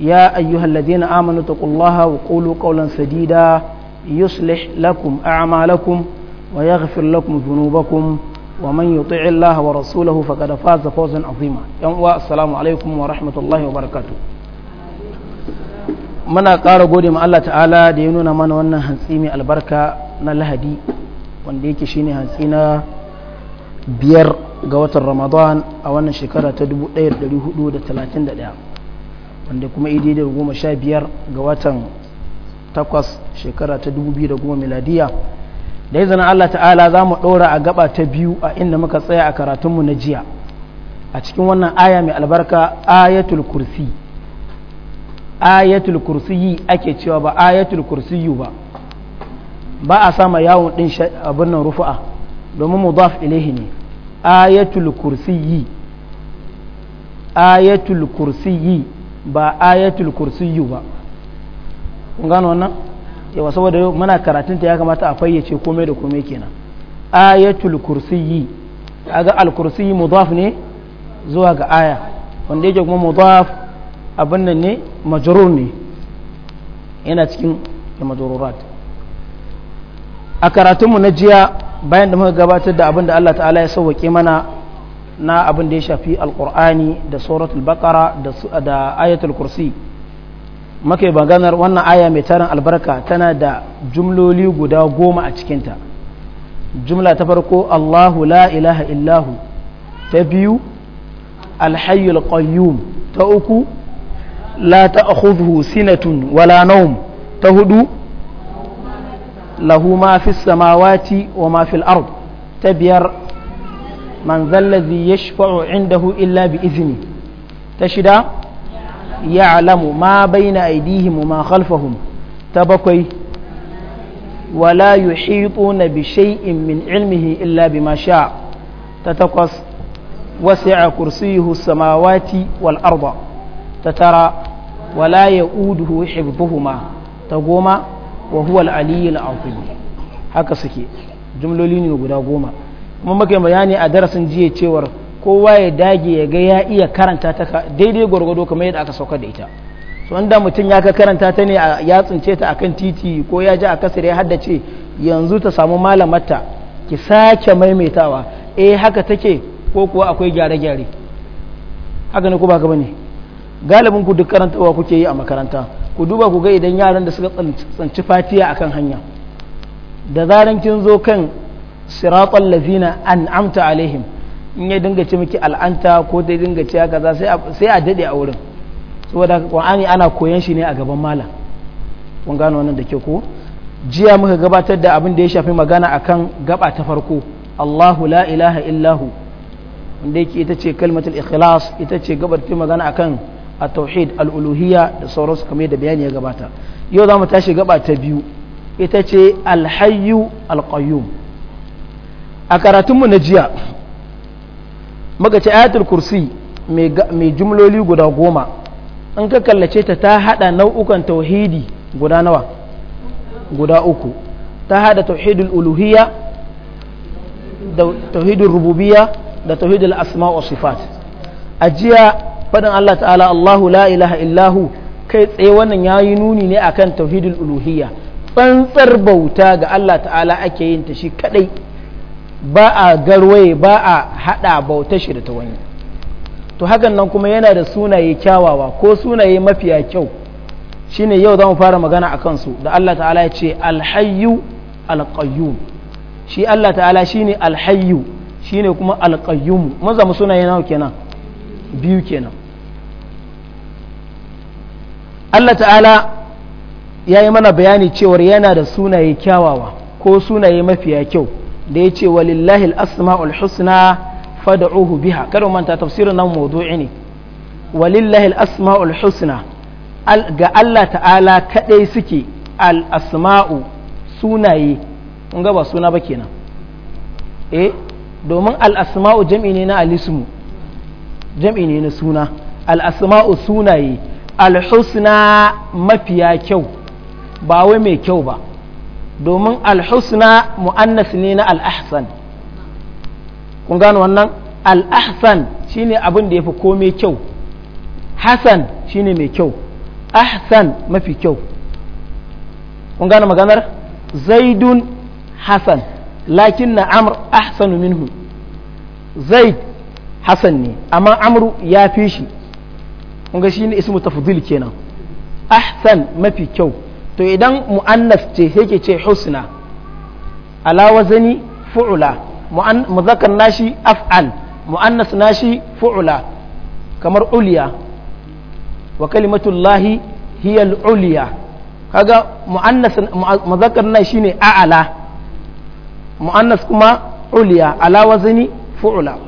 يا أيها الذين آمنوا اتقوا الله وقولوا قولا سديدا يصلح لكم أعمالكم ويغفر لكم ذنوبكم ومن يطع الله ورسوله فقد فاز فوزا عظيما يوم السلام عليكم ورحمة الله وبركاته muna ƙara gode ma Allah ta'ala da ya nuna mana wannan hantsi mai albarka na lahadi wanda yake shine hantsi na biyar ga watan ramadan a wannan shekara ta 1431 wanda kuma idi da goma sha biyar ga watan takwas shekara ta dubu biyu da goma miladiya da izinin Allah ta'ala za mu ɗora a gaba ta biyu a inda muka tsaya a karatunmu na jiya a cikin wannan aya mai albarka ayatul kursi ayatul yi ake cewa ba ayatul yi ba ba a sama yawon ɗin abin nan rufu'a domin mu mudaf ilaihi ne ayatul kursiyi ayatul kursiyi ba ayatul kursiyu ba kun gano wannan yawa saboda muna karatunta ya kamata a fayyace komai da komai kenan ayatul kursiyi aga al kursiyi mudaf ne zuwa ga aya wanda yake kuma mudaf abin nan ne majrur ne yana cikin majrurat a karatunmu na jiya bayan da muka gabatar da abin da Allah ta'ala ya sauwake mana na abin da ya shafi alkur'ani da suratul bakara da ayatul kursi makai maganar wannan aya mai tarin albarka tana da jumloli guda goma a cikinta jumla ta farko allahu la ilaha illahu ta biyu alhayyul qayyum ta uku la ta'khudhuhu sinatun wala naum ta hudu lahu ma fis samawati wa ma fil ard ta biyar man zallazi yashfa'u indahu illa bi izini ta shida ya'lamu ma baina aydihim wa ma khalfahum ta bakwai wala yuhituna bi shay'in min ilmihi illa bima sha ta takwas wasi'a kursiyuhu samawati wal arda ta tara wala ya'uduhu hibbuhuma ta goma wa huwa al-aliyyul azim haka suke jumloli ne guda goma kuma muke bayani a darasin jiya cewar kowa ya dage ya ga ya iya karanta ta daidai gwargwado kamar yadda aka sauka da ita so wanda mutum ya ka karanta ta ne ya tsince ta akan titi ko ya ji a kasar ya haddace yanzu ta samu malamarta ki sake maimaitawa eh haka take ko kuwa akwai gyare-gyare haka ne ko ba bane galibin ku duk karantawa kuke yi a makaranta ku duba ku ga idan yaran da suka tsanci fatiya akan hanya da zaran kin zo kan siratal lazina an'amta alaihim in ya dinga ce miki al'anta ko ta dinga ce kaza sai a daɗe a wurin saboda qur'ani ana koyan shi ne a gaban malam kun gano wannan da ke ko jiya muka gabatar da abin da ya shafi magana akan gaba ta farko Allahu la ilaha illahu wanda yake ita ce kalmatul ikhlas ita ce gabar ta magana akan a tauhid al da sauransu kamar da bayani ya gabata yau za mu tashi gaba ta biyu ita ce alhayu hayyu a karatunmu na jiya muka ce ayatul kursi mai jumloli guda goma in ka kallace ta ta hada nau'ukan tauhidi guda nawa guda uku ta hada tauhidul uluhiyya da tauhidul rububiyya da tauhidul asma wa sifat a jiya fadin Allah ta'ala Allahu la ilaha illahu kai tsaye wannan yayi nuni ne akan tauhidul uluhiyya tsantsar bauta ga Allah ta'ala ake yin ta shi kadai ba a garwaye ba a haɗa bauta shi da ta wani to hakan nan kuma yana da sunaye kyawawa ko sunaye mafiya kyau shine yau za mu fara magana a kansu da Allah ta'ala ya ce alhayyu alqayyum shi Allah ta'ala shine alhayyu shine kuma alqayyum mun zama sunaye nawa kenan biyu kenan Allah ta'ala ya yi mana bayani cewar yana da sunaye kyawawa ko sunaye mafiya kyau da ya ce walillahi al-asma'ul husna ohu biha kada manta tafsirin nan mudu ne walillahi al-asma'ul husna ga Allah ta'ala kadai suke al-asma'u sunaye in ga ba suna ba kenan eh domin al-asma'u jam'i ne na alismu jam'i ne na suna al-asma'u sunaye al-husna mafiya kyau ba wai mai kyau ba domin alhusna mu'annas ne na al'ahsan kun gano wannan al'ahsan shine abin da ya fi komai kyau hasan shine mai kyau ahsan mafi kyau kun gano maganar zaidun hasan lakin na amur ahsanu minhu zaid hasan ne amma amru ya fi shi kun ga shine ismu tafdil kenan ahsan mafi kyau to idan mu'annas ce yake ce husna ala wazani fu'ula muzakkar nashi af'al mu'annas nashi fu'ula kamar uliya wa llahi hiya al-uliya kaga mu'annas muzakkar nashi ne a'ala mu'annas kuma uliya ala wazani fu'ula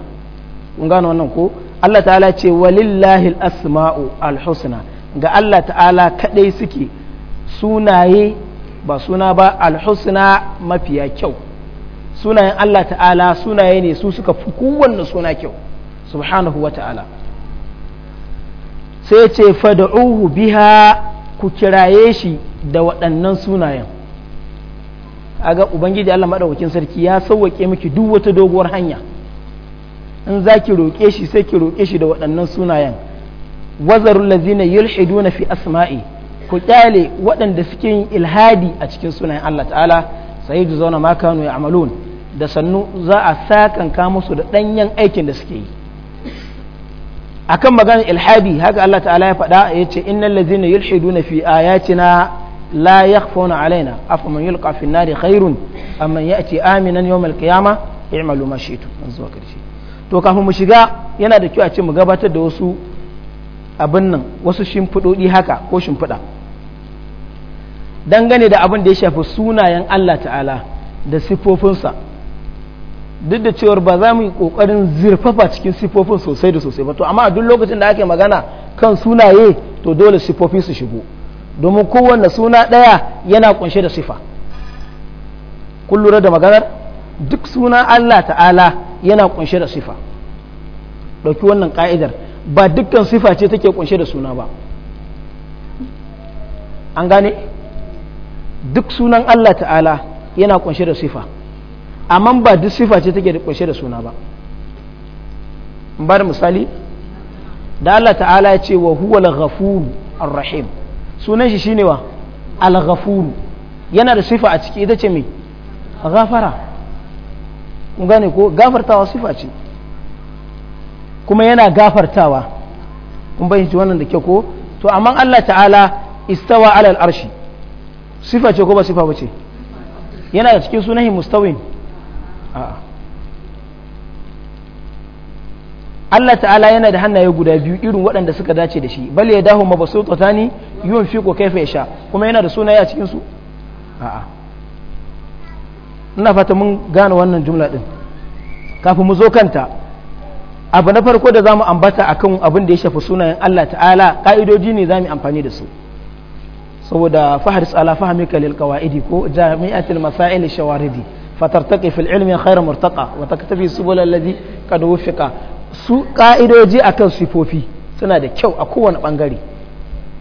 kun gano wannan ko Allah ta'ala ce walillahi al-asma'u al-husna ga Allah ta'ala kadai suke sunaye ba suna ba alhusna mafiya kyau sunayen Allah ta'ala sunaye ne su suka fi kowanne suna kyau subhanahu wa ta'ala sai ce fada'uhu biha ku kiraye shi da waɗannan sunayen a ga ubangiji Allah maɗaukakin sarki ya sauwaƙe miki duk wata doguwar hanya in za ki roƙe shi sai ki roƙe shi da waɗannan sunayen wazarun lazina yulhiduna fi asma'i ku kyale waɗanda suke yin ilhadi a cikin sunayen Allah ta'ala sai ju zauna ma kanu ya amalun da sannu za a ka musu da ɗanyen aikin da suke yi akan maganar ilhadi haka Allah ta'ala ya faɗa ya ce innal ladzina yulhiduna fi ayatina la yakhfawna alaina afa man yulqa fi nari khairun amman ya'ti aminan yawmal qiyamah i'malu ma shitu zuwa karshe to kafin mu shiga yana da kyau a ce mu gabatar da wasu abin nan wasu shimfiɗoɗi haka ko shimfiɗa dangane da abin da ya shafi sunayen Allah ta'ala da sifofinsa duk da cewar ba za mu yi kokarin zirfafa cikin sifofin sosai da sosai ba to amma a duk lokacin da ake magana kan sunaye to dole sifofi su shigo domin kowanne suna ɗaya yana kunshe da sifa kun da maganar duk suna Allah ta'ala yana kunshe da sifa ɗauki wannan ka'idar ba dukkan sifa ce take kunshe da suna ba an gane duk sunan Allah ta'ala yana kunshe da sifa amma ba duk sifa ce take da kunshe da suna ba ba misali da Allah ta'ala ya ce wa huwa al-ghafur ar-rahim sunan shi shine wa al-ghafur yana da sifa a ciki ita ce me ghafara kun gane ko gafartawa sifa ce kuma yana gafartawa kun bayyana wannan da ke ko to amma Allah ta'ala istawa al arshi sifa ce ko ba sifa ba ce yana da cikin sunahi mustawin Allah ta'ala yana da hannaye guda biyu irin waɗanda suka dace da shi bal ya dahu mabasutu tani yun fi ko kaifa sha kuma yana da sunaye a cikin su a'a ina fata mun gane wannan jumla din kafin mu zo kanta abu na farko da zamu ambata akan abin da ya shafi sunayen Allah ta'ala ka'idoji ne zamu amfani da su saboda fahris ala fahmika lil qawaidi ko jami'atul masail shawaridi fatartaqi fil ilmi khayra murtaqa wa taktabi subul alladhi qad wufiqa su ka'idoji akan sifofi suna da kyau a kowane bangare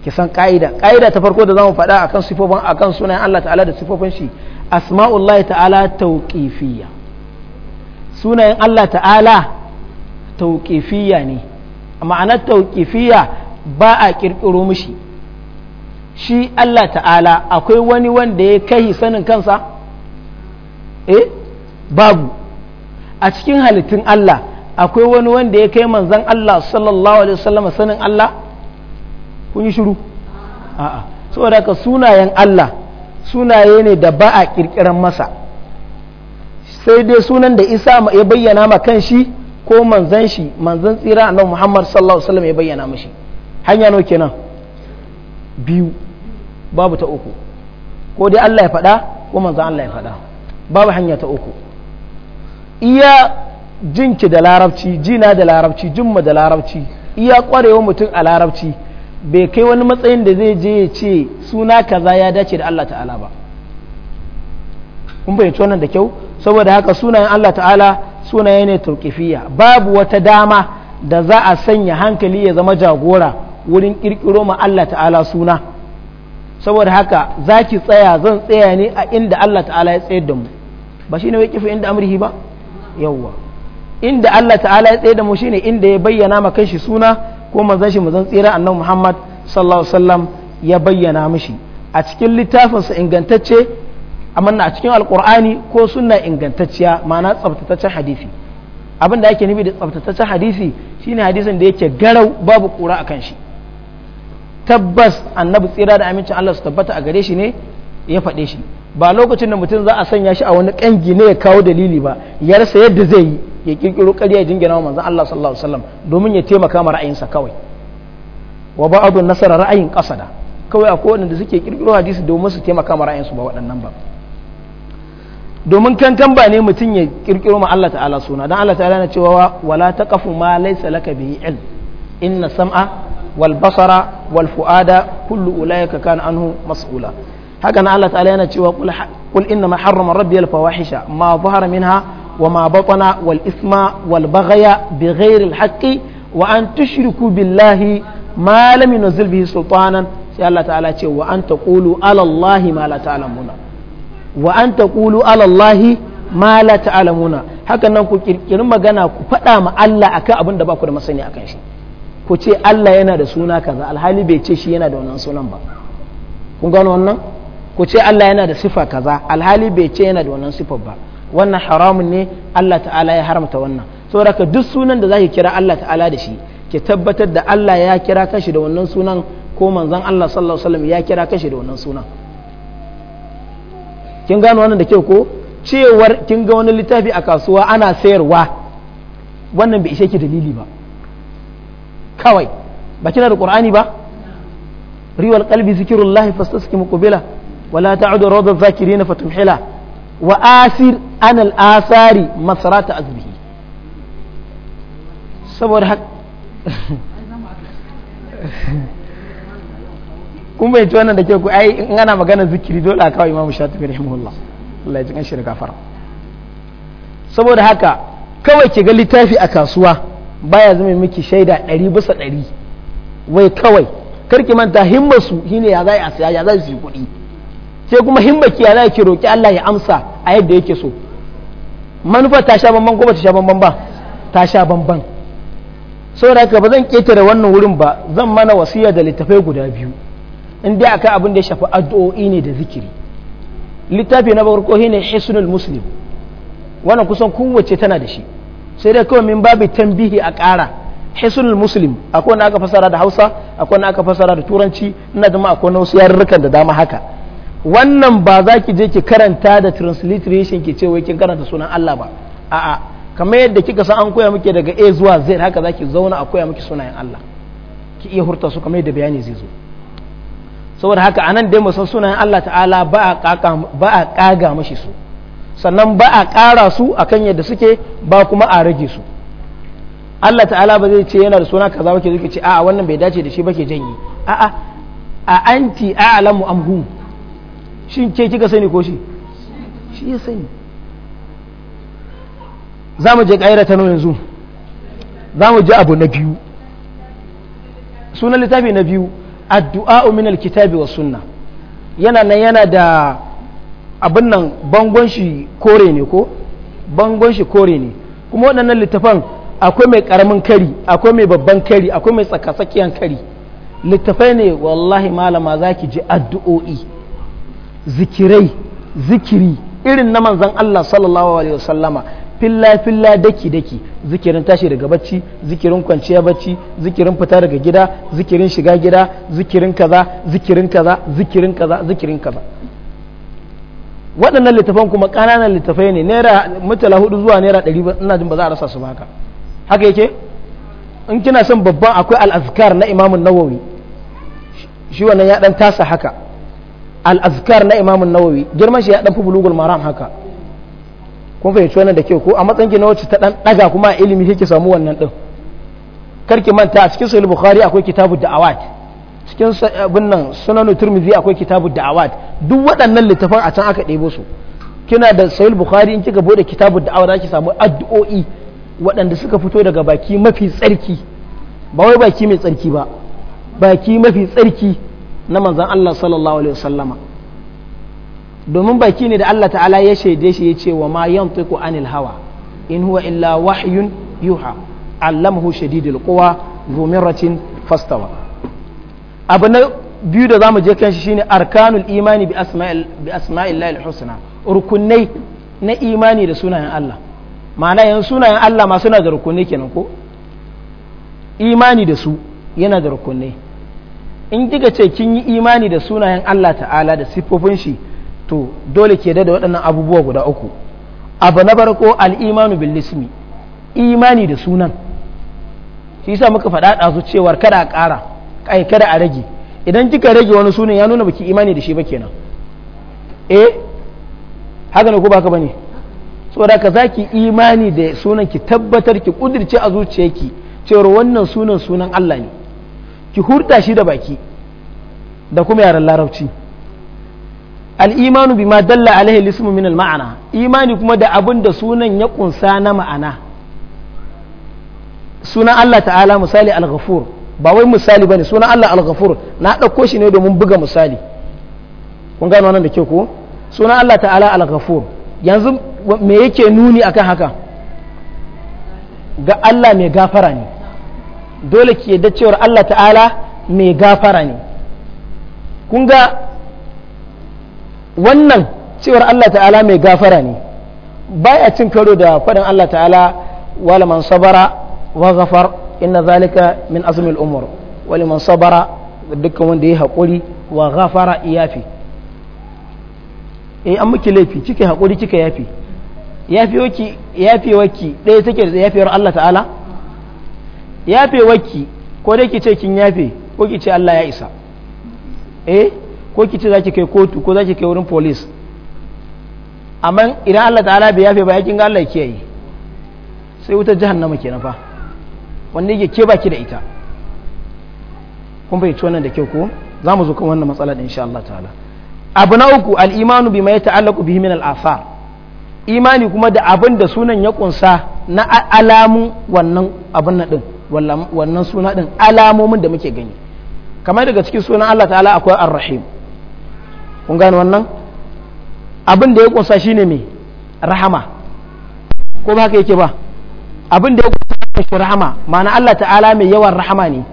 ki san ka'ida ka'ida ta farko da zamu faɗa akan sifofin akan sunayen Allah ta'ala da sifofin shi asma'ullahi ta'ala tauqifiyya sunayen Allah ta'ala tauqifiyya ne ma'anar tauqifiyya ba a kirkiro mishi shi Allah ta'ala akwai wani wanda ya kai sanin kansa eh babu a cikin halittun Allah akwai wani wanda ya kai manzan Allah sallallahu alaihi wasallam sanin Allah kun yi shiru a'a saboda ka sunayen Allah sunaye ne da ba a kirkiran masa sai dai sunan da Isa ya bayyana ma kan shi ko manzan shi manzan tsira annabi Muhammad sallallahu alaihi wasallam ya bayyana mashi hanya nawa kenan biyu babu ta uku ko dai Allah ya faɗa ko manzan Allah ya faɗa babu hanya ta uku iya jinki da larabci jina da larabci jumma da larabci iya ƙwarewa mutum a larabci bai kai wani matsayin da zai je ya ce suna kaza ya dace da Allah ta'ala ba kun fahimci wannan da kyau saboda haka sunayen Allah ta'ala sunaye ne turkifiya babu wata dama da za a sanya hankali ya zama jagora wurin ƙirƙiro ma Allah ta'ala suna saboda haka za ki tsaya zan tsaya ne a inda Allah ta'ala ya tsaye da mu ba shi ne wai kifi inda amrihi ba yawwa inda Allah ta'ala ya tsaye da mu shine inda ya bayyana ma kanshi suna ko manzon shi manzon tsira annabi Muhammad sallallahu alaihi wasallam ya bayyana mishi a cikin littafinsa ingantacce amma a cikin alqur'ani ko sunna ingantacciya ma'ana tsaftataccen hadisi abin da ake nufi da tsaftataccen hadisi shine hadisin da yake garau babu kura kanshi shi tabbas annabi tsira da amincin Allah su tabbata a gare shi ne ya faɗe shi ba lokacin da mutum za a sanya shi a wani ƙangi ne ya kawo dalili ba ya rasa yadda zai yi ya kirkiro ƙarya jingina wa manzon Allah sallallahu alaihi wasallam domin ya taimaka ma ra'ayinsa kawai wa ba'dun nasara ra'ayin qasada kawai akwai wanda suke kirkiro hadisi domin su taimaka ma ra'ayinsu ba waɗannan ba domin kankan ba ne mutum ya kirkiro ma Allah ta'ala suna dan Allah ta'ala na cewa wala taqafu ma laysa laka bihi ilm inna sam'a والبصر والفؤاد كل أولئك كان عنه مسؤولا هكذا الله تعالى ينتشوى قل, إنما حرم ربي الفواحش ما ظهر منها وما بطن والإثم والبغي بغير الحق وأن تشركوا بالله ما لم ينزل به سلطانا sai Allah ta'ala ce wa an taqulu ala Allah ma la wa an taqulu ala Allah ma la ta'lamuna hakan nan ku kirkirin magana ku faɗa ma Allah akan abin da ba ku da masani akan shi ku ce Allah yana da suna kaza alhali bai ce shi yana da wannan sunan ba kun gano wannan ku ce Allah yana da sifa kaza alhali bai ce yana da wannan sifa ba wannan haramun ne Allah ta'ala ya haramta wannan saboda ka duk sunan da zaki kira Allah ta'ala da shi ki tabbatar da Allah ya kira kashi da wannan sunan ko manzon Allah sallallahu alaihi wasallam ya kira kashi da wannan sunan kin gano wannan da kyau ko cewar kin ga wani littafi a kasuwa ana sayarwa wannan bai ishe ki dalili ba kawai ba kina da qur'ani ba riwal qalbi zikrullah fastaskim qubila wala ta'udu rawda zakirina fatumhila wa asir an al asari masrata azbihi saboda haka kun bai da ke ku ai in ana magana zikiri dole a kawai imamu shatibi rahimahullah Allah ya ji saboda haka kawai ki ga littafi a kasuwa baya zama miki shaida ɗari bisa ɗari wai kawai karki manta himmar su shine ya za a siya ya za su yi kuɗi sai kuma himbaki ya za ki roƙi Allah ya amsa a yadda yake so manufa ta sha bamban ko ba ta sha bamban ba ta sha bamban saboda haka ba zan ketare wannan wurin ba zan mana wasiya da littafai guda biyu in dai akai abin da ya shafi addu'o'i ne da zikiri littafi na farko shine hisnul muslim wannan kusan kowace tana da shi sai dai kawai min babu tambihi a ƙara hisunul muslim akwai wanda aka fasara da hausa akwai wanda aka fasara da turanci ina da akwai wasu yarurrukan da dama haka wannan ba za ki je ki karanta da transliteration ki ce wai kin karanta sunan Allah ba a'a kamar yadda kika san an koya muke daga A zuwa Z haka zaki zauna a koya muke sunayen Allah ki iya hurta su kamar yadda bayani zai zo saboda haka anan dai mu san sunayen Allah ta'ala ba a kaga mashi su sannan ba a ƙara su a kan yadda suke ba kuma a rage su Allah ta'ala ba zai ce yana da suna kaza ba ke zuke ce a'a wannan bai dace da shi ba ke janyi a'a a anti mu amhu shin ke kika sani ko shi shi ya sani za mu je ƙaira ta yanzu za mu je abu na biyu sunan littafi na biyu addu'a min alkitabi wa sunna yana nan yana da abin nan bangon shi kore ne ko bangon shi kore ne kuma waɗannan littafan akwai mai ƙaramin kari akwai mai babban kari akwai mai tsakatsakiyan kari littafai ne wallahi malama za ki ji addu'o'i zikirai zikiri irin na manzan Allah sallallahu alaihi wasallama filla filla daki daki zikirin tashi daga bacci zikirin kwanciya bacci zikirin fita daga gida zikirin shiga gida zikirin kaza zikirin kaza zikirin kaza zikirin kaza waɗannan littafan kuma ƙananan littafai ne naira mutala hudu zuwa naira ɗari ba ina jin ba za a rasa su haka haka yake in kina son babban akwai al'azkar na imamun nawawi shi wannan ya ɗan tasa haka al'azkar na imamun nawawi girman shi ya ɗan fi bulugul maram haka kun fahimci wannan da ke ko a matsayin na wacce ta ɗan ɗaga kuma a ilimi kike samu wannan ɗin ki manta a cikin sahih bukhari akwai kitabu da da'awat cikin abin nan sunanu turmizi akwai kitabu da'awat duk waɗannan littafan a can aka ɗebo su kina da sahih bukhari in kika bude kitabu da'awa zaki samu addu'o'i waɗanda suka fito daga baki mafi tsarki ba wai baki mai tsarki ba baki mafi tsarki na manzon Allah sallallahu alaihi wasallama domin baki ne da Allah ta'ala ya shaide shi ya ce wa ma yantiqu anil hawa in huwa illa wahyun yuha allamahu shadidul quwa dhumiratin fastawa abu na biyu da za mu je kan shi shine arkanul imani bi asma'il bi husna rukunai na imani da sunayen Allah ma'ana yan sunayen Allah ma suna da rukunai kenan ko imani da su yana da rukunai in kika ce kin yi imani da sunayen Allah ta'ala da siffofin shi to dole ke da waɗannan abubuwa guda uku abu na farko al'imanu bil ismi imani da sunan shi yasa muka faɗa ɗazu cewar kada a ƙara ai kada a rage idan kika rage wani sunan ya nuna baki imani da shi ba kenan eh haka ne ko baka bane saboda ka zaki imani da sunan ki tabbatar ki kudirce a zuciyarki cewar wannan sunan sunan Allah ne ki hurta shi da baki da kuma yaran larabci al'imanu bima dalla alaihi lismu min ma'ana imani kuma da abin da sunan ya kunsa na ma'ana sunan Allah ta'ala misali al-ghafur ba wai misali bane suna Allah al-ghafur na ɗauko shi ne domin buga misali kun gano nan da ke ko suna Allah ta'ala al-ghafur yanzu me yake nuni akan haka ga Allah mai gafara ne dole ke da cewar Allah ta'ala mai gafara ne kun ga wannan cewar Allah ta'ala mai gafara ne baya cin karo da faɗin Allah ta'ala wala man sabara wa ghafar inna zalika min azmil umur wali man sabara dukkan wanda ya haƙuri wa ghafara iyafi eh an miki laifi kike haƙuri kike yafi yafi waki ɗaya take da yafewar Allah ta'ala waki ko dai ki ce kin yafe ko ki ce Allah ya isa eh ko ki zaki kai kotu ko zaki kai wurin police amma idan Allah ta'ala bai yafe ba yakin ga Allah kiyaye sai wuta jahannama kenan fa wanda yake ke baki da ita kun fahimci wannan da kyau ko za mu zo kan wannan matsala da insha Allah ta'ala abu na uku al'imanu bima ya ta'allaku bihi min al'asar imani kuma da abin da sunan ya kunsa na alamu wannan abin na din wannan suna din alamomin da muke gani kamar daga cikin sunan Allah ta'ala akwai ar-rahim kun gane wannan abin da ya kunsa shine me rahama ko ba haka yake ba abin da ya kunsa rahama ma'ana Allah ta'ala mai yawan rahama ne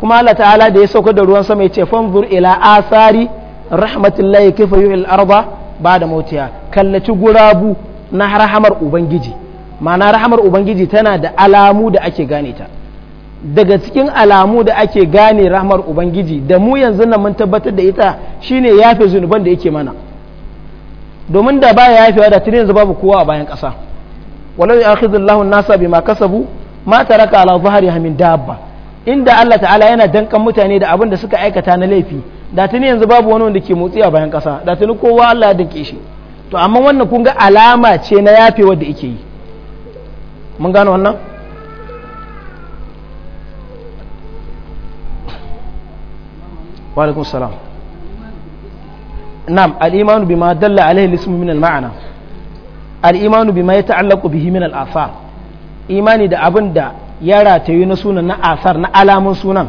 kuma Allah ta'ala da ya sauka da ruwan sama ya ce fanzur ila asari rahmatullahi kayfa yuhil arda ba'da mautiya kallaci gurabu na rahamar ubangiji ma'ana rahamar ubangiji tana da alamu da ake gane ta daga cikin alamu da ake gane rahmar ubangiji da mu yanzu nan mun tabbatar da ita shine yafe zunuban da yake mana domin da baya yafewa da tunin yanzu babu kowa a bayan kasa walau ya akhidhu Allahu an-nasa bima kasabu ma taraka ala zahriha min dabba inda Allah ta'ala yana dankan mutane da abin da suka aikata na laifi da tuni yanzu babu wani wanda ke motsi a bayan kasa da tuni kowa Allah ya dinke shi to amma wannan kun ga alama ce na yafe wanda yake yi mun gano wannan wa alaikum salam na'am al-imanu bima dalla alaihi al-ismu min al-ma'na al-imanu bima yata'allaqu bihi min al-athar imani da abin da ya ratayi na sunan na asar na alamun sunan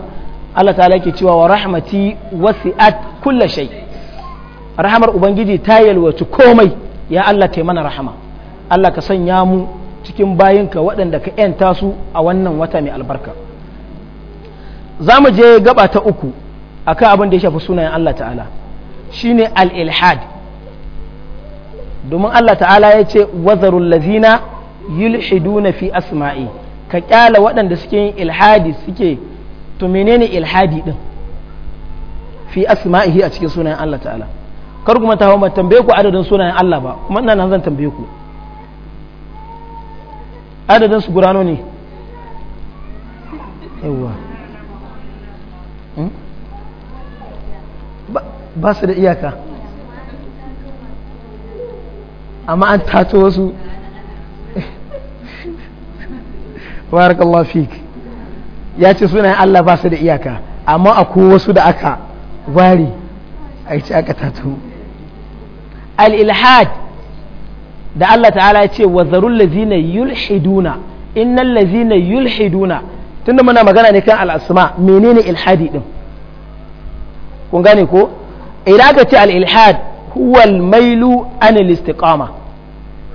Allah ta'ala ke cewa wa rahmati wasi'at kulla shay rahamar ubangiji ta yalwaci komai ya Allah mana rahama Allah ka sanya mu cikin bayinka waɗanda ka yanta su a wannan wata mai albarka za mu je gaba ta uku akan abin da ya shafi sunayen Allah ta'ala shine al-ilhad domin Allah ta'ala ya ce wazarul lazina yulhiduna fi asma'i ka kyala waɗanda suke yin ilhadi suke to menene ilhadi din fi asma'ihi a cikin sunayen Allah ta'ala kar kuma ta hawa tambaye ku adadin sunayen Allah ba kuma ina nan zan tambaye ku adadin su gurano ne yawa hmm? ba su da iyaka amma an tato wasu barakallahu fik ya ce sunayen Allah ba su da iyaka amma akwai wasu da aka wari a aka tatu al-ilhad da Allah ta'ala ya ce wa lazina yulhiduna innan lazina yulhiduna tunda muna magana ne kan al'asma menene ilhadi din kun gane ko idan aka ce al-ilhad huwal mailu an istiqama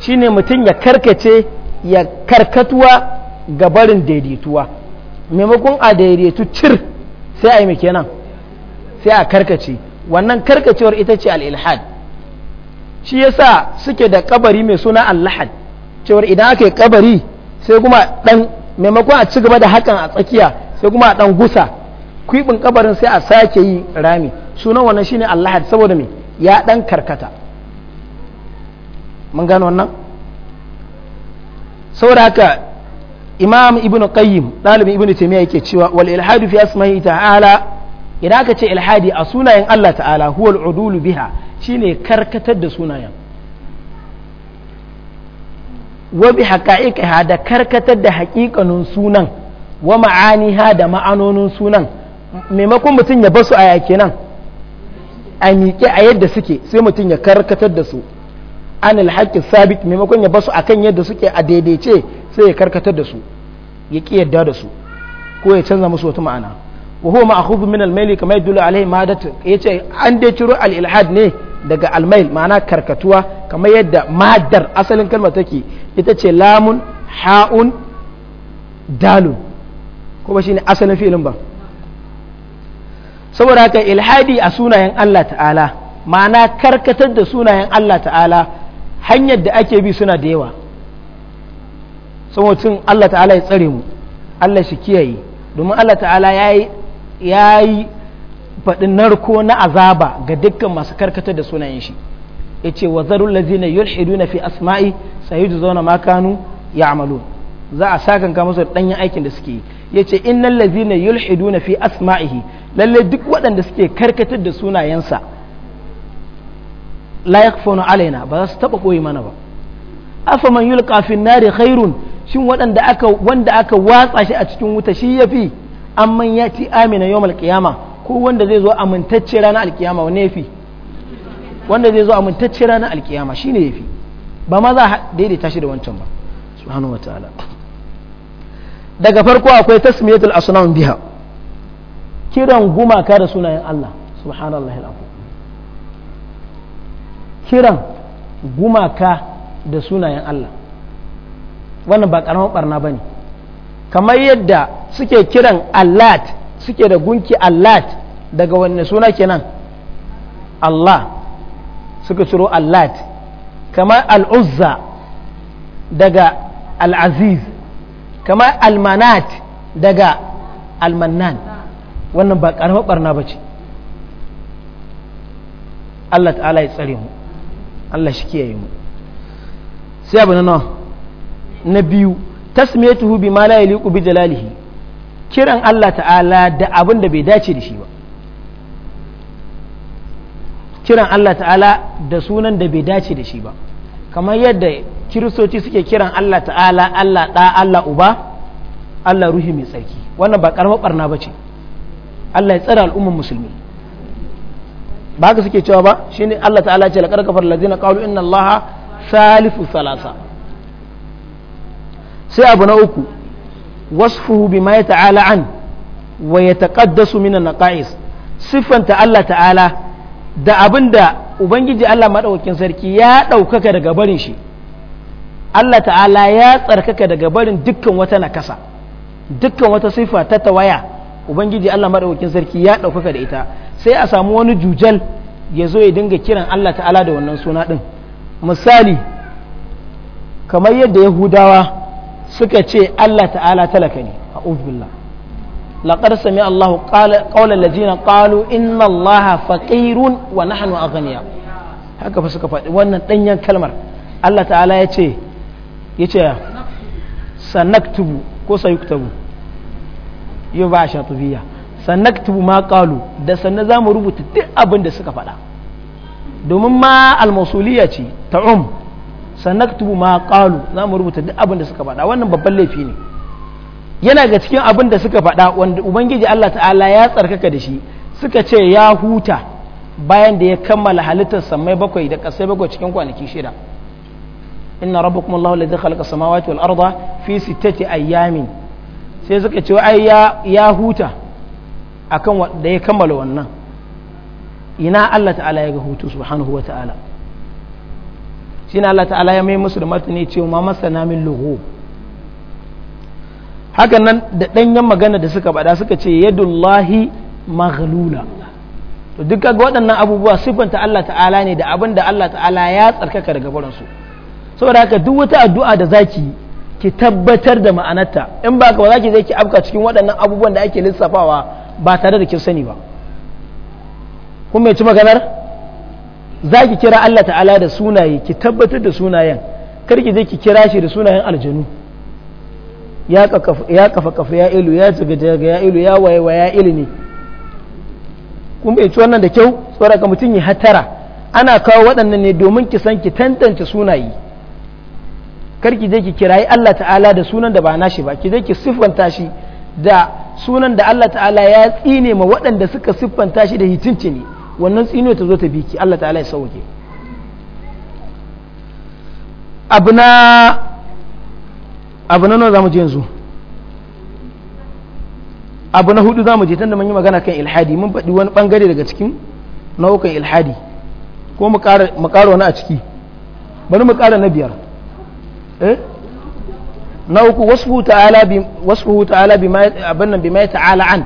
shine mutum ya karkace ya karkatuwa Gabarin daidaituwa maimakon a daidaitu cir sai a yi kenan sai a karkace wannan karkacewar ita ce al-ilhad shi yasa suke da kabari mai suna al cewar idan aka yi kabari sai kuma dan maimakon a ci gaba da hakan a tsakiya sai kuma a dan gusa kwibin kabarin sai a sake yi rami sunan wannan shine allahad saboda mai ya dan karkata mun gano wannan saboda haka imam ibn qayyim dalibin ibn taymiya yake cewa wal ilhadu fi asma'i ta'ala idan aka ce ilhadi a sunayen Allah ta'ala huwal udulu biha shine karkatar da sunayen wa bi haqa'iqiha da karkatar da haƙiƙanin sunan wa ma'aniha da ma'anonin sunan maimakon mutum ya basu a yake a miƙe a yadda suke sai mutum ya karkatar da su an alhaƙi sabit maimakon ya basu akan yadda suke a daidaice sai ya karkatar da su ya ki yadda da su ko ya canza musu wata ma'ana wa huwa ma'khuf min al-mail kama yadullu alayhi madat yace an dai ciro al-ilhad ne daga al-mail ma'ana karkatuwa kamar yadda madar asalin kalmar take ita ce lamun ha'un dalun ko ba shine asalin fi'ilin ba saboda haka ilhadi a sunayen Allah ta'ala ma'ana karkatar da sunayen Allah ta'ala hanyar da ake bi suna da yawa saboda Allah ta'ala ya tsare mu Allah shi kiyaye domin Allah ta'ala ya yi faɗin narko na azaba ga dukkan masu karkatar da sunayen shi ya ce wa zarun lazina na fi asma'i sayyidu zauna makanu ya amalu za a sakan ka musu ɗanyen aikin da suke yi ya ce innal lazina na fi asma'ihi lalle duk waɗanda suke karkatar da sunayensa la yakfuna alaina ba za su taɓa koyi mana ba afa man yulqa fi nari khairun shin waɗanda aka wanda aka watsa shi a cikin wuta shi yafi amman ya ci amina yawmal qiyama ko wanda zai zo amintacce ranar alkiyama wanne yafi wanda zai zo amintacce ranar alkiyama shi shine yafi ba ma za a daidaita shi da wancan ba subhanahu wa ta'ala daga farko akwai tasmiyatul asnam biha kiran gumaka da sunayen Allah subhanallahi alazim kiran gumaka da sunayen Allah wannan ba karamar barna ba ne kamar yadda suke kiran allat suke da gunki allat daga wanne suna kenan allah suka ciro allat kamar al'uzza daga al'aziz kamar almanat daga almannan wannan ba karamar barna ba ce Allah ta'ala ya tsare mu Allah shi kiyaye mu sai abu na nawa na biyu tasmiyatuhu bi ma la yaliqu bi jalalihi kiran Allah ta'ala da abin da bai dace da shi ba kiran Allah ta'ala da sunan da bai dace da shi ba kamar yadda kiristoci suke kiran Allah ta'ala Allah Da Allah uba Allah ruhi mai tsarki wannan ba karamar barna ba ce Allah ya tsara al'ummar musulmi ba haka suke cewa ba shine Allah ta'ala ce laqad kafara lazina qalu inna Allah Salisu salasa sai abu na uku wasfuhu bima ya ta'ala an wa ya taqaddasu minan ƙa'is siffanta Allah ta'ala da abin da ubangiji Allah maɗaukin sarki ya ɗaukaka daga barin shi Allah ta'ala ya tsarkaka daga barin dukkan wata nakasa dukkan wata siffa ta tawaya ubangiji Allah maɗaukin sarki ya ɗaukaka da ita sai a samu wani jujal ya zo ya dinga kiran Allah ta'ala da wannan suna ɗin misali kamar yadda yahudawa suka ce Allah ta'ala talaka ne a billah laqad sami Allahu qawla allazina qalu inna Allaha faqirun wa nahnu aghniya haka fa suka faɗi wannan danyen kalmar Allah ta'ala ya ce ya ce sanaktubu ko sayuktabu yau ba a shatubiya sanaktubu ma qalu da sannan za mu rubuta duk abin da suka faɗa domin ma almasuliya ce ta'um sanaktubu ma qalu za mu rubuta duk abin da suka faɗa wannan babban laifi ne yana ga cikin abin da suka faɗa wanda ubangiji Allah ta'ala ya tsarkaka da shi suka ce ya huta bayan da ya kammala halittar samai bakwai da ƙasai bakwai cikin kwanaki shida inna rabbakum Allahu alladhi khalaqa samawati wal arda fi sittati ayyamin sai suka ce ai ya ya huta akan da ya kammala wannan ina Allah ta'ala ya ga hutu subhanahu wa ta'ala shi Allah ta'ala ya mai musu da ne ce ma masana min luhu hakan nan da ɗanyen magana da suka bada suka ce yadullahi maghlula to duk kaga waɗannan abubuwa siffanta Allah ta'ala ne da abin da Allah ta'ala ya tsarkaka daga baransu saboda haka duk wata addu'a da zaki ki tabbatar da ma'anarta in ba ka ba zaki zai ki afka cikin waɗannan abubuwan da ake lissafawa ba tare da kin sani ba kun mai ci maganar za ki kira Allah ta'ala da sunaye ki tabbatar da sunayen kar ki je ki kira shi da sunayen aljanu ya kafa kafa ya ilu ya jiga jaga ya ilu ya waye wa ya ilu ne kun bai ci wannan da kyau ka mutum ya hatara ana kawo waɗannan ne domin ki san ki tantance sunaye kar ki je ki kirayi Allah ta'ala da sunan da ba nashi ba ki je ki siffanta shi da sunan da Allah ta'ala ya tsine ma waɗanda suka siffanta shi da hitinci ne wannan tsinuwa ta zo ta biki Allah ta'ala ya sauke abu na abu na nawa zamu je yanzu abu na hudu zamu je tunda mun yi magana kan ilhadi mun faɗi wani bangare daga cikin nau'ukan ilhadi ko mu ƙara wani a ciki bari mu ƙara na biyar eh na uku wasu ta'ala bi ma abin bi ma ta'ala an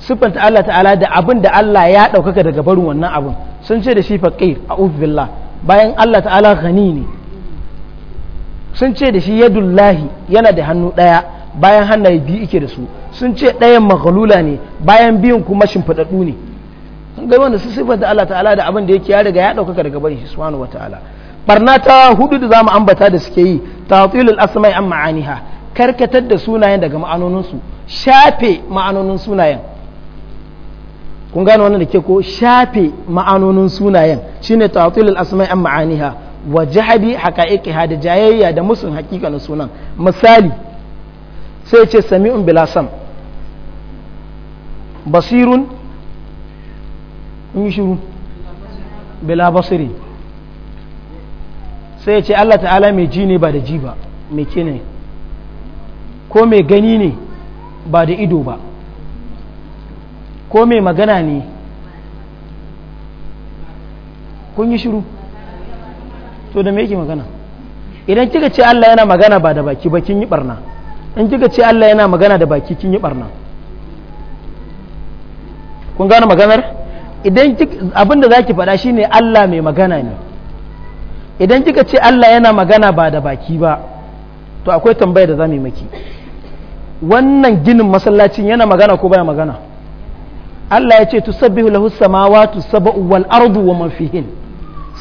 siffanta Allah ta'ala da abin da Allah ya ɗaukaka daga barin wannan abin sun ce da shi faqir a billah bayan Allah ta'ala ghani ne sun ce da shi yadullahi yana da hannu ɗaya bayan hannaye biyu ike da su sun ce ɗayan maghalula ne bayan biyun kuma shimfiɗaɗɗu ne sun ga da sun siffanta Allah ta'ala da abin da yake ya riga ya ɗaukaka daga barin shi subhanahu wataala barna ta hudu da zamu ambata da suke yi ta'tilul asma'i an ma'aniha karkatar da sunayen daga ma'anoninsu shafe ma'anonin sunayen kun gano wannan da ke ko shafe ma'anonin sunayen shine ta'tilul asma'i an ma'aniha wa jahadi haqa'iqiha da jayayya da musun hakika na sunan misali sai ce sami'un bila sam basirun in bila basiri sai ce Allah ta'ala mai ji ne ba da ji ba mai kene ko mai gani ne ba da ido ba ko mai magana ne kun yi shiru to da me yake magana idan kika ce Allah yana magana ba da baki ba kin yi barna in kika ce Allah yana magana da baki kin yi barna kun gane maganar idan abin da zaki faɗa shine Allah mai magana ne idan kika ce Allah yana magana ba da baki ba to akwai tambaya da za mu yi maki wannan ginin masallacin yana magana ko baya magana Allah ya ce tusabbihu lahu samawati sab'u wal ardu wa man fihin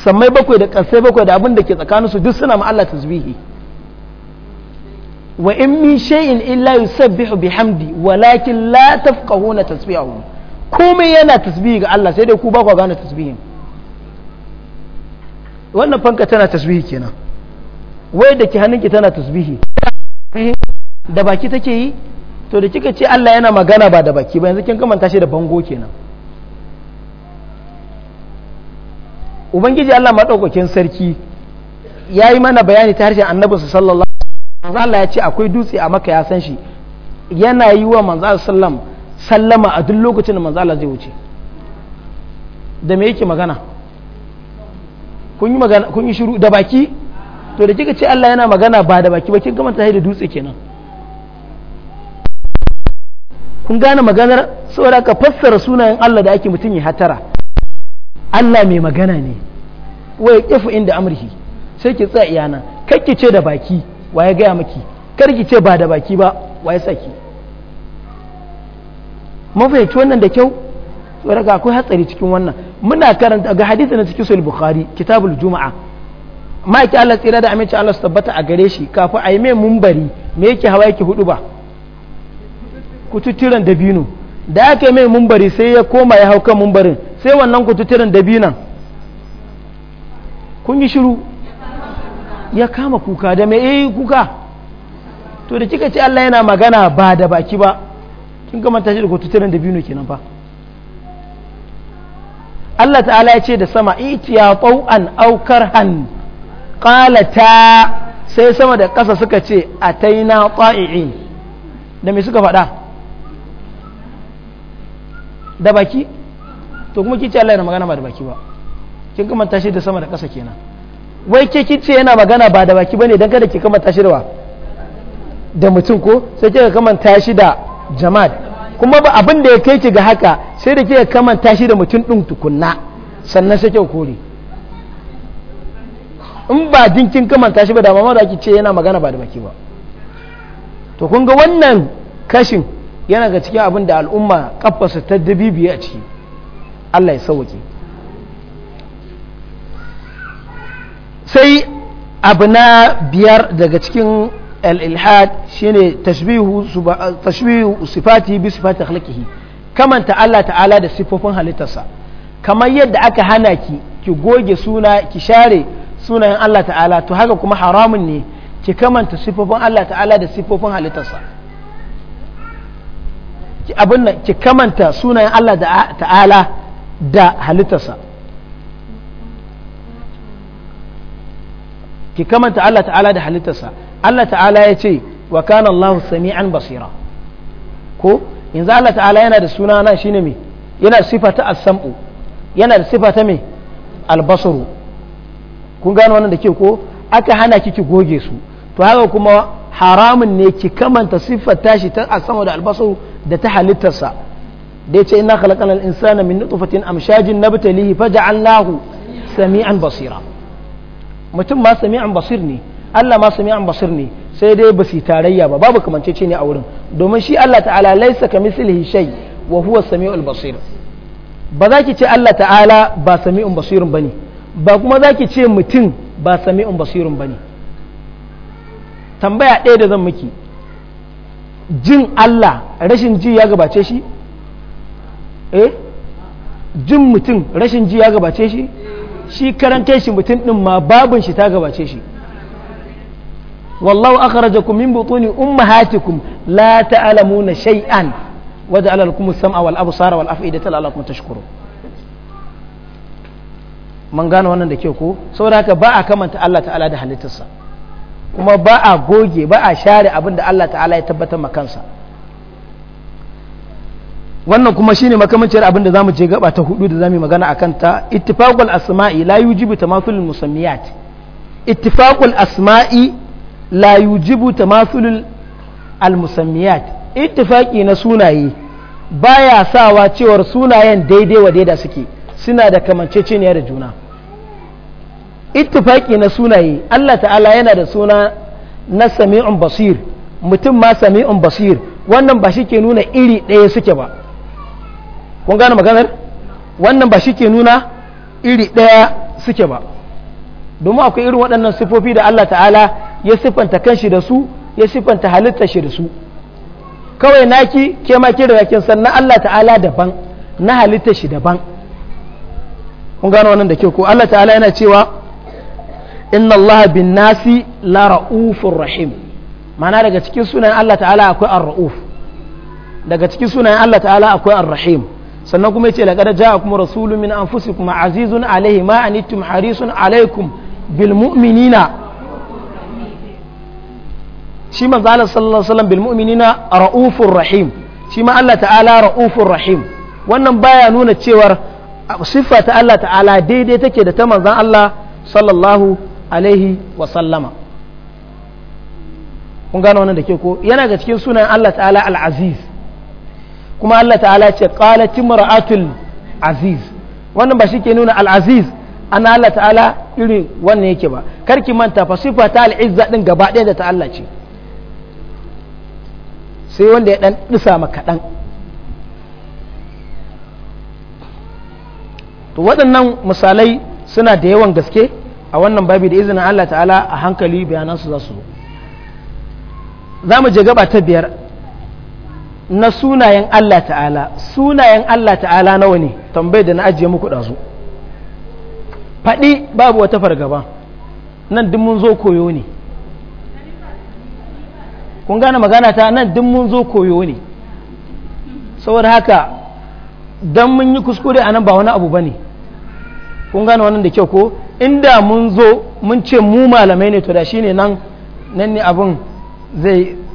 sammai bakwai da ƙasai bakwai da abin da ke su duk suna ma Allah tasbihi wa in min shay'in illa yusabbihu bihamdi walakin la tafqahuna tasbihahu komai yana tasbihi ga Allah sai dai ku ba ku gane tasbihin wannan fanka tana tasbihi kenan wai da ke hannunki tana tasbihi da baki take yi to da kika ce Allah yana magana ba da baki ba yanzu kin kamanta shi da bango kenan ubangiji Allah maɗaukakin sarki ya yi mana bayani ta harshen annabinsa sallallahu alaihi wasallam Allah ya ce akwai dutse a maka ya san shi yana yi wa manzo sallam sallama a duk lokacin da manzo Allah zai wuce da me yake magana kun yi magana kun yi shiru da baki to da kika ce Allah yana magana ba da baki ba kin kamanta shi da dutse kenan kun gane maganar saboda ka fassara sunayen Allah da ake mutum ya hatara Allah mai magana ne wai ya kifu inda amurki sai ki tsaya iyana kar ki ce da baki wa ya gaya maki kar ki ce ba da baki ba wa ya saki mun wannan da kyau saboda ka akwai hatsari cikin wannan muna karanta ga hadisi na cikin sulh bukhari kitabul juma'a ma'aiki Allah tsira da aminci Allah su tabbata a gare shi kafin a yi mai mumbari me yake hawa yake hudu ba kututturen dabino da aka yi mai mumbari sai ya koma ya hau kan mumbarin sai wannan kututturen dabinan kun yi shiru ya kama kuka da mai yi kuka to da kika ce Allah yana magana ba da baki ba kin ga tashi da kututturen dabino kenan fa Allah ta'ala ya ce da sama itiya an aukar han qalata sai sama da kasa suka ce ataina ta'i'in da me suka faɗa da baki to kuma kici Allah yana magana ba da baki ba kin kuma shi da sama da ƙasa kenan wai ke kici yana magana ba da baki bane dan kada ki kuma shi da wa da mutum ko sai kika kuma shi da jama'a. kuma ba abin da ya kai ki ga haka sai da kika kuma shi da mutum din tukunna sannan sai kika kore in ba din kin kuma shi ba da mama da kici yana magana ba da baki ba to kun ga wannan kashin yana ga cikin abin da al'umma kafasa ta biyu a ciki Allah ya sauke sai abu na biyar daga cikin al shi ne tashbihu sifati bi sifati khalqihi kamanta Allah ta'ala da sifofin halittarsa kamar yadda aka hana ki ki goge suna ki share sunayen Allah ta'ala to haka kuma haramun ne ki kamanta sifofin Allah ta'ala da sifofin halittarsa abin nan ki kamanta sunayen Allah ta'ala da halittarsa ki kamanta Allah ta'ala da halittarsa Allah ta'ala ya ce wa kana Allah sami'an basira ko yanzu Allah ta'ala yana da suna nan shine me yana da sifa ta as-sam'u yana da sifa ta me al-basaru kun gano wannan da ke ko aka hana kiki goge su to haka kuma haramun ne ki kamanta siffar tashi ta a sama da albasaru da ta halittarsa dai ce ina khalaqana al-insana min nutfatin amshajin nabtalihi faja'alnahu sami'an basira mutum ma sami'an basir ne Allah ma sami'an basir ne sai dai basi tarayya ba babu kamancece ne a wurin domin shi Allah ta'ala laisa kamislihi shay wa huwa sami'ul basir ba za ki ce Allah ta'ala ba sami'un basirun bane ba kuma za ki ce mutum ba sami'un basirun bane tambaya ɗaya da zan miki jin Allah rashin ji ya gabace shi eh jin mutum rashin ji ya gabace shi shi karan shi mutum ɗin ma babin shi ta gabace shi wallahu akhrajakum min butuni ummahatikum la ta'lamuna shay'an wa ja'ala lakum as-sam'a wal absara wal af'idata la'allakum tashkurun man gano wannan da kyau ko saboda haka ba a kamanta Allah ta'ala da halittarsa kuma ba a goge ba a share abin da Allah ta'ala ya tabbatar kansa wannan kuma shine makamancin abin da zamu je gaba ta hudu da zamu magana akan ta ittifaqul asma'i la yujibu tamathulul musammiyat ittifaqul asma'i la yujibu tamathulul almusammiyat ittifaqi na sunaye baya sawa cewar sunayen daidai wa daida suke suna da kamanceceniyar da juna ittifaki na sunaye Allah ta'ala yana da suna na sami'un basir mutum ma sami'un basir wannan ba shi ke nuna iri ɗaya suke ba kun gane maganar wannan ba shi ke nuna iri ɗaya suke ba domin akwai irin waɗannan sifofi da Allah ta'ala ya siffanta kanshi da su ya siffanta halitta shi da su kawai naki ke ma ke daga kin san na Allah ta'ala daban na halitta shi daban kun gane wannan da ke ko Allah ta'ala yana cewa inna allaha bin nasi la ra'ufun rahim mana daga cikin sunayen Allah ta'ala akwai ar-ra'uf daga cikin sunayen Allah ta'ala akwai ar-rahim sannan kuma yace laqad ja'akum rasulun min anfusikum azizun alayhi ma anittum harisun alaykum bil mu'minina shi manzo Allah sallallahu alaihi wasallam bil mu'minina ra'ufur rahim shi ma Allah ta'ala ra'ufur rahim wannan baya nuna cewar siffa ta Allah ta'ala daidai take da ta manzon Allah sallallahu alaihi wa sallama kun gano wannan da ke ko yana ga cikin sunan Allah ta'ala al-aziz kuma Allah ta'ala ce qalat imra'atul aziz wannan ba shi ke nuna al-aziz an Allah ta'ala irin wannan yake ba karki manta fa sifata ta al-izza din gaba ɗaya da ta Allah ce sai wanda ya dan disa maka dan to waɗannan misalai suna da yawan gaske a wannan babi da izinin Allah ta'ala a hankali bayanan su za su zo za mu je gaba ta biyar na sunayen Allah ta'ala sunayen Allah ta'ala nawa ne tambayar da na ajiye muku ɗazu faɗi babu wata fargaba nan duk mun zo koyo ne kun gane magana ta nan duk mun zo koyo ne saboda haka don mun yi kuskure a nan ba wani abu ba ne kun gane wannan da kyau ko inda mun zo mun ce mu malamai ne to da shine nan nan ne abin zai